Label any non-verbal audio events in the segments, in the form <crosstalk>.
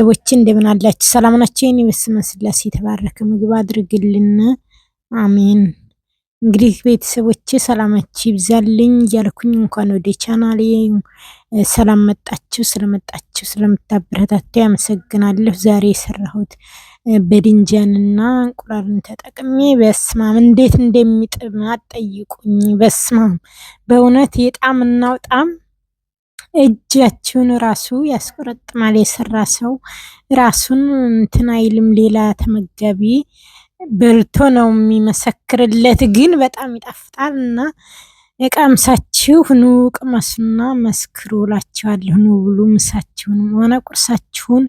ሰዎች እንደምን አላችሁ? ሰላም ናችሁ? የኔ በስመ ስላሴ የተባረከ ምግብ አድርግልን አሜን። እንግዲህ ቤተሰቦች ሰላማችሁ ይብዛልኝ እያልኩኝ እንኳን ወደ ቻናሌ ሰላም መጣችሁ። ስለመጣችሁ ስለምታበረታቱ ያመሰግናለሁ። ዛሬ የሰራሁት በድንጃንና እንቁላልን ተጠቅሜ በስማም እንዴት እንደሚጥም አጠይቁኝ። በስማም በእውነት የጣም እናውጣም እጃችሁን ራሱ ያስቆረጥማል። የሰራ ሰው ራሱን እንትን አይልም። ሌላ ተመጋቢ በልቶ ነው የሚመሰክርለት። ግን በጣም ይጣፍጣል እና የቃምሳችሁ ኑ ቅመሱና መስክሩ እላችኋለሁ። ኑ ብሉ፣ ምሳችሁን ሆነ ቁርሳችሁን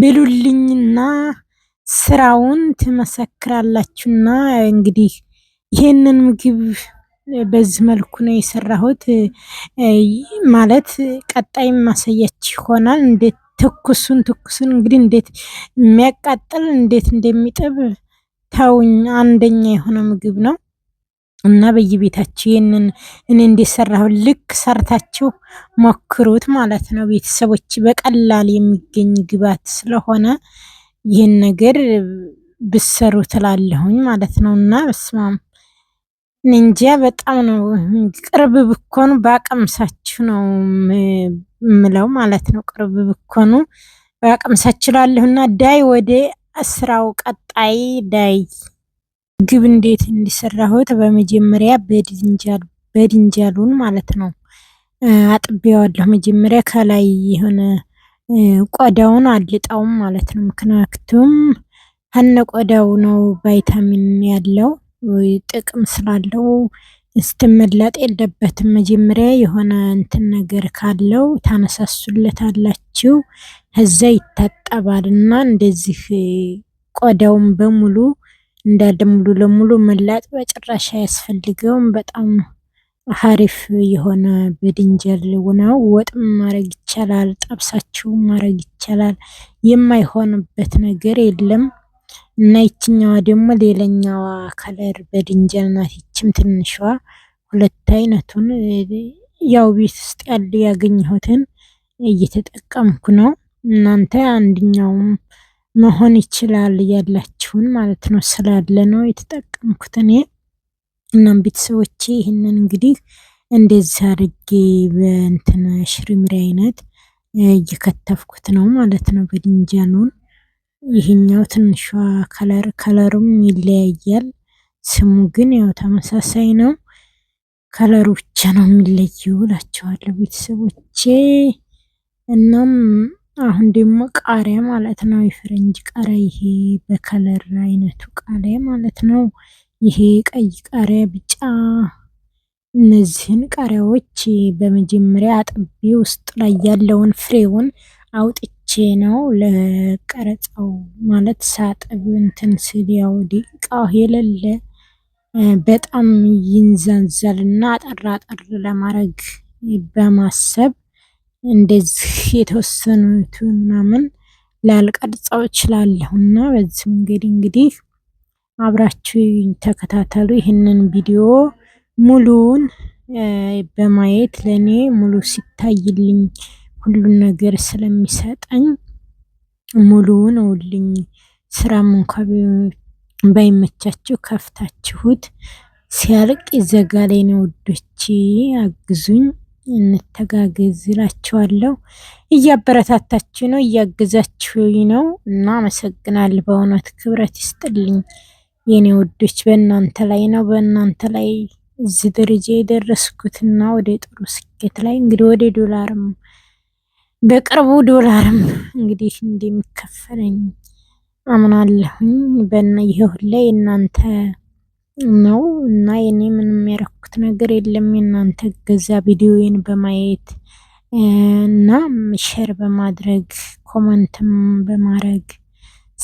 ብሉልኝና ስራውን ትመሰክራላችሁና እንግዲህ ይህንን ምግብ በዚህ መልኩ ነው የሰራሁት። ማለት ቀጣይ ማሳያች ይሆናል። እንዴት ትኩሱን ትኩሱን እንግዲህ እንዴት የሚያቃጥል እንዴት እንደሚጥብ ታውኝ አንደኛ የሆነ ምግብ ነው እና በየቤታችሁ ይህንን እኔ እንደሰራሁ ልክ ሰርታችሁ ሞክሩት ማለት ነው። ቤተሰቦች በቀላል የሚገኝ ግብዓት ስለሆነ ይህን ነገር ብሰሩ ትላለሁኝ ማለት ነው እና በስማም እንጃ በጣም ነው ቅርብ ብኮኑ ባቀምሳችሁ ነው ምለው ማለት ነው። ቅርብ ብኮኑ ባቀምሳችላለሁ እና ዳይ ወደ ስራው ቀጣይ ዳይ ምግብ እንዴት እንዲሰራሁት በመጀመሪያ በድንጃል በድንጃሉን ማለት ነው አጥቤዋለሁ። መጀመሪያ ከላይ የሆነ ቆዳውን አልጣውም ማለት ነው። ምክንያቱም ከነ ቆዳው ነው ቫይታሚን ያለው ጥቅም ስላለው መላጥ የለበትም። መጀመሪያ የሆነ እንትን ነገር ካለው ታነሳሱለት አላችሁ ይታጠባል እና እንደዚህ ቆዳውን በሙሉ እንዳለ ሙሉ ለሙሉ መላጥ በጭራሽ አያስፈልገውም። በጣም ሀሪፍ የሆነ በድንጀል ነው። ወጥም ማድረግ ይቻላል፣ ጠብሳችሁ ማድረግ ይቻላል። የማይሆንበት ነገር የለም። እና ይችኛዋ ደግሞ ሌላኛዋ ከለር በድንጀል ናት። ይችም ትንሿ ሁለት አይነቱን ያው ቤት ውስጥ ያለ ያገኘሁትን እየተጠቀምኩ ነው። እናንተ አንድኛውም መሆን ይችላል ያላችሁን ማለት ነው ስላለ ነው የተጠቀምኩት እኔ። እናም ቤተሰቦቼ ይህንን እንግዲህ እንደዚህ አድርጌ በእንትን ሽርምሪ አይነት እየከተፍኩት ነው ማለት ነው በድንጀኑን ይህኛው ትንሿ ከለር ከለሩም ይለያያል። ስሙ ግን ያው ተመሳሳይ ነው። ከለሩ ብቻ ነው የሚለየው እላቸዋለሁ ቤተሰቦቼ። እናም አሁን ደግሞ ቃሪያ ማለት ነው የፈረንጅ ቃሪያ፣ ይሄ በከለር አይነቱ ቃሪያ ማለት ነው። ይሄ ቀይ ቃሪያ፣ ቢጫ እነዚህን ቃሪያዎች በመጀመሪያ አጥቤ ውስጥ ላይ ያለውን ፍሬውን አውጥቼ አውጥቼ ነው ለቀረጻው ማለት ሳጥብ እንትን ስል ያው እቃው የሌለ በጣም ይንዛዛል እና አጠር አጠር ለማድረግ በማሰብ እንደዚህ የተወሰኑት ምናምን ላልቀርጸው እችላለሁ እና በዚህ መንገድ እንግዲህ አብራችሁ ተከታተሉ። ይህንን ቪዲዮ ሙሉውን በማየት ለእኔ ሙሉ ሲታይልኝ ሁሉን ነገር ስለሚሰጠኝ ሙሉውን እውልኝ። ስራም እንኳ ባይመቻችሁ ከፍታችሁት ሲያልቅ ይዘጋ ላይ ነው ውዶቼ፣ አግዙኝ፣ እንተጋገዝ እላችኋለሁ። እያበረታታችሁ ነው፣ እያገዛችሁኝ ነው እና አመሰግናለሁ። በእውነት ክብረት ይስጥልኝ የኔ ውዶች፣ በእናንተ ላይ ነው በእናንተ ላይ እዚህ ደረጃ የደረስኩትና ወደ ጥሩ ስኬት ላይ እንግዲህ ወደ ዶላርም በቅርቡ ዶላርም እንግዲህ እንደሚከፈለኝ አምናለሁኝ። በና ይሄው ላይ እናንተ ነው እና የኔ ምንም ያረኩት ነገር የለም። የእናንተ ገዛ ቪዲዮዬን በማየት እና ሸር በማድረግ ኮመንትም በማድረግ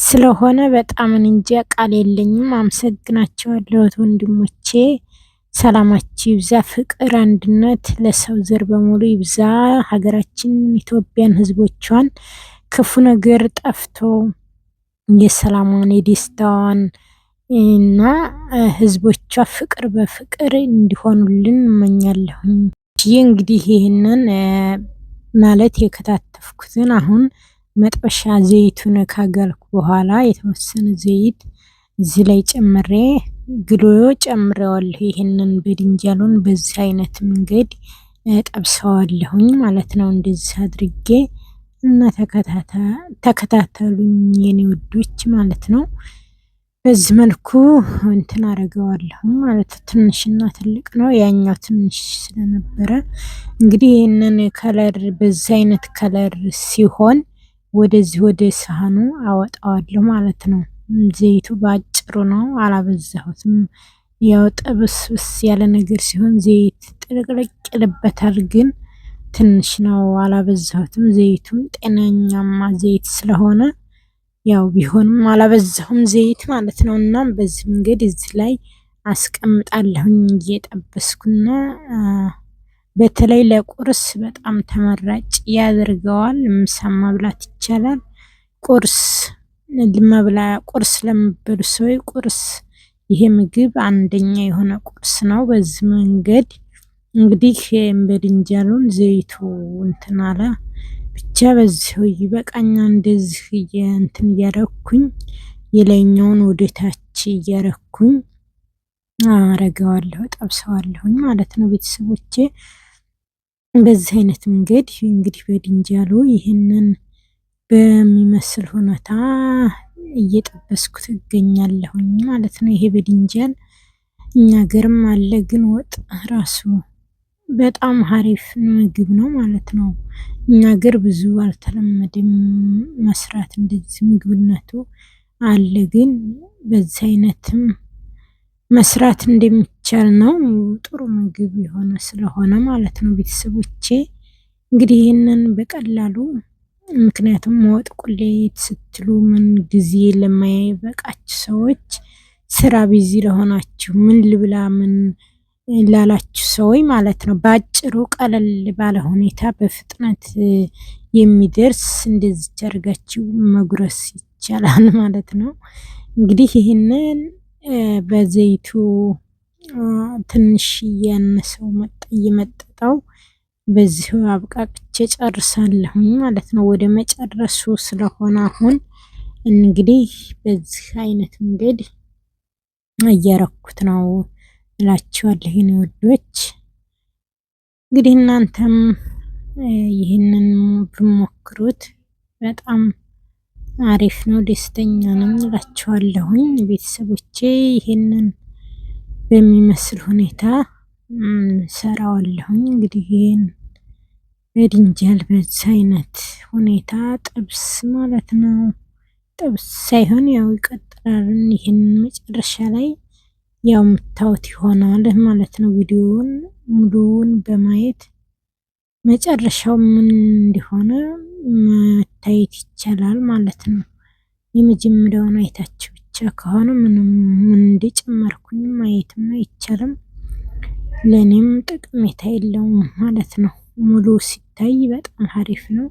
ስለሆነ በጣም እንጃ ቃል የለኝም። አመሰግናቸዋለሁ ወንድሞቼ። ሰላማችን ይብዛ፣ ፍቅር አንድነት ለሰው ዘር በሙሉ ይብዛ። ሀገራችን ኢትዮጵያን ህዝቦቿን ክፉ ነገር ጠፍቶ የሰላሟን የደስታዋን እና ህዝቦቿ ፍቅር በፍቅር እንዲሆኑልን እመኛለሁኝ። ይህ እንግዲህ ይህንን ማለት የከታተፍኩትን አሁን መጥበሻ ዘይቱን ካገልኩ በኋላ የተወሰነ ዘይት እዚህ ላይ ጨምሬ ግሎዮ ጨምሬዋለሁ። ይህንን በድንጃሉን በዚህ አይነት መንገድ ጠብሰዋለሁኝ ማለት ነው። እንደዚህ አድርጌ እና ተከታተሉኝ የኔ ውዶች ማለት ነው። በዚህ መልኩ እንትን አረገዋለሁ ማለት ትንሽና ትልቅ ነው። ያኛው ትንሽ ስለነበረ እንግዲህ ይህንን ከለር በዚህ አይነት ከለር ሲሆን ወደዚህ ወደ ሳህኑ አወጣዋለሁ ማለት ነው። ዘይቱ ጥሩ ነው። አላበዛሁትም። ያው ጥብስብስ ያለ ነገር ሲሆን ዘይት ጥልቅልቅ ይልበታል። ግን ትንሽ ነው፣ አላበዛሁትም። ዘይቱም ጤናኛማ ዘይት ስለሆነ ያው ቢሆንም አላበዛሁም ዘይት ማለት ነው። እና በዚህ መንገድ እዚህ ላይ አስቀምጣለሁኝ እየጠበስኩና በተለይ ለቁርስ በጣም ተመራጭ ያደርገዋል። ምሳ መብላት ይቻላል። ቁርስ መብላያ ቁርስ ለሚበሉ ሰው ቁርስ ይሄ ምግብ አንደኛ የሆነ ቁርስ ነው። በዚህ መንገድ እንግዲህ እንበድንጃሉን ዘይቱ እንትን አለ ብቻ በዚህ ይበቃኛ። እንደዚህ እንትን እያረኩኝ የላይኛውን ወደታች እያረኩኝ አረገዋለሁ ጠብሰዋለሁኝ ማለት ነው ቤተሰቦቼ። በዚህ አይነት መንገድ እንግዲህ በድንጃሉ ይህንን በሚመስል ሁኔታ እየጠበስኩት እገኛለሁኝ ማለት ነው። ይሄ በድንጃል እኛ ገርም አለ፣ ግን ወጥ ራሱ በጣም ሀሪፍ ምግብ ነው ማለት ነው። እኛ ገር ብዙ አልተለመደም መስራት እንደዚህ ምግብነቱ አለ፣ ግን በዚህ አይነትም መስራት እንደሚቻል ነው። ጥሩ ምግብ የሆነ ስለሆነ ማለት ነው። ቤተሰቦቼ እንግዲህ ይህንን በቀላሉ ምክንያቱም መወጥ ቁሌት ስትሉ ምን ጊዜ ለማይበቃች ሰዎች፣ ስራ ቢዚ ለሆናችሁ፣ ምን ልብላ ምን ላላችሁ ሰዎች ማለት ነው። በአጭሩ ቀለል ባለ ሁኔታ በፍጥነት የሚደርስ እንደዚህ አድርጋችሁ መጉረስ ይቻላል <laughs> ማለት ነው። እንግዲህ ይህንን በዘይቱ ትንሽ እያነሰው መጣ እየመጠጠው በዚሁ አብቃቅቼ ጨርሳለሁ ማለት ነው። ወደ መጨረሱ ስለሆነ አሁን እንግዲህ በዚህ አይነት መንገድ እያረኩት ነው እላችኋለሁ ይህን ውዶች። እንግዲህ እናንተም ይህንን ብሞክሩት በጣም አሪፍ ነው፣ ደስተኛ ነኝ እላችኋለሁኝ ቤተሰቦቼ። ይህንን በሚመስል ሁኔታ ሰራዋለሁኝ እንግዲህ ይህን በድንጃል በዚህ አይነት ሁኔታ ጥብስ ማለት ነው። ጥብስ ሳይሆን ያው ይቀጥላል። ይህን መጨረሻ ላይ ያው የምታዩት ይሆናል ማለት ነው። ቪዲዮውን ሙሉውን በማየት መጨረሻው ምን እንደሆነ መታየት ይቻላል ማለት ነው። የመጀመሪያውን አይታችሁ ብቻ ከሆነ ምንም ምን እንደጨመርኩኝ ማየትም አይቻልም። ለእኔም ጠቀሜታ የለውም ማለት ነው። ሙሉ ሲታይ በጣም አሪፍ ነው።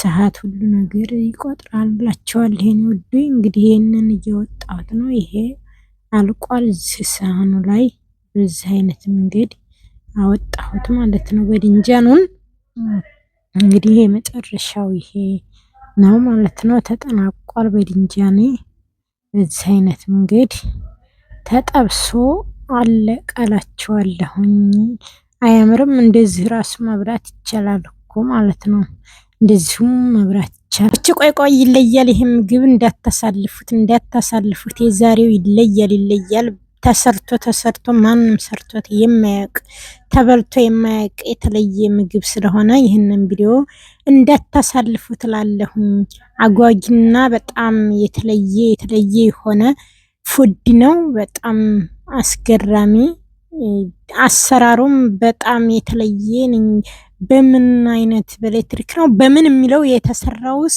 ሰዓት ሁሉ ነገር ይቆጥራላቸዋል። ይሄን ውዱ እንግዲህ ይሄንን እየወጣሁት ነው። ይሄ አልቋል። እዚህ ሳህኑ ላይ በዚህ አይነት መንገድ አወጣሁት ማለት ነው። በድንጃኑን እንግዲህ ይሄ መጨረሻው ይሄ ነው ማለት ነው። ተጠናቋል። በድንጃኔ በዚህ አይነት መንገድ ተጠብሶ አለቀላቸዋለሁኝ። አያምርም? እንደዚህ ራሱ መብራት ይቻላል እኮ ማለት ነው። እንደዚሁም መብራት ይቻላል። እች ቆይ ቆይ ይለያል። ይሄ ምግብ እንዳታሳልፉት፣ እንዳታሳልፉት። የዛሬው ይለያል፣ ይለያል። ተሰርቶ ተሰርቶ ማንም ሰርቶት የማያውቅ ተበልቶ የማያውቅ የተለየ ምግብ ስለሆነ ይህንን ቪዲዮ እንዳታሳልፉ ትላለሁኝ። አጓጊና በጣም የተለየ የተለየ የሆነ ፉድ ነው። በጣም አስገራሚ አሰራሩም በጣም የተለየ በምን አይነት በኤሌክትሪክ ነው በምን የሚለው የተሰራውስ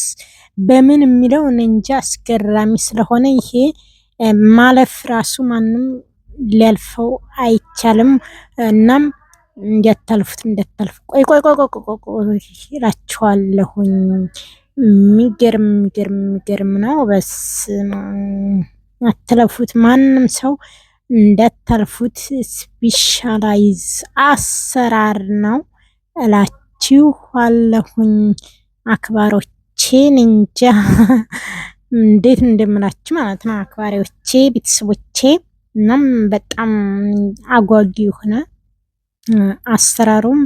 በምን የሚለው እንጃ አስገራሚ ስለሆነ ይሄ ማለፍ ራሱ ማንም ሊያልፈው አይቻልም። እናም እንዲያታልፉት እንዲያታልፉ ቆይ ቆይ ቆይ ቆይ ቆይ ይላችኋለሁኝ። የሚገርም የሚገርም የሚገርም ነው። በስ አትለፉት ማንም ሰው እንዳታልፉት ስፔሻላይዝ አሰራር ነው አለሁኝ። አክባሮቼ እንጃ እንዴት እንደምላችሁ ማለት ነው። አክባሪዎቼ፣ ቤተሰቦቼ እናም በጣም አጓጊ የሆነ አሰራሩም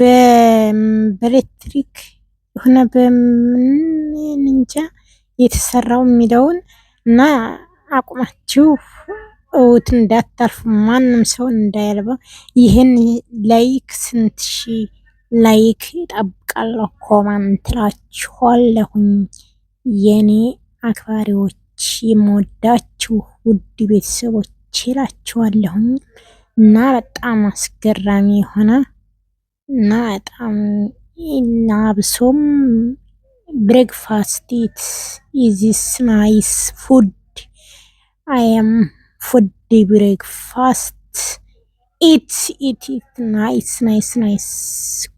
በኤሌክትሪክ የሆነ በምን እንጃ የተሰራው የሚለውን እና አቁማችሁ እውት እንዳታርፍ ማንም ሰው እንዳያልበው። ይህን ላይክ ስንት ሺ ላይክ ይጠብቃለሁ ኮማንት የኔ አክባሪዎች የምወዳችሁ ውድ ቤተሰቦች ይላችኋለሁኝ። እና በጣም አስገራሚ የሆነ እና በጣም አብሶም ብሬክፋስት ኢት ኢዚስ ናይስ ፉድ አይ አም for the breakfast. Eat, eat, eat. Nice, nice, nice.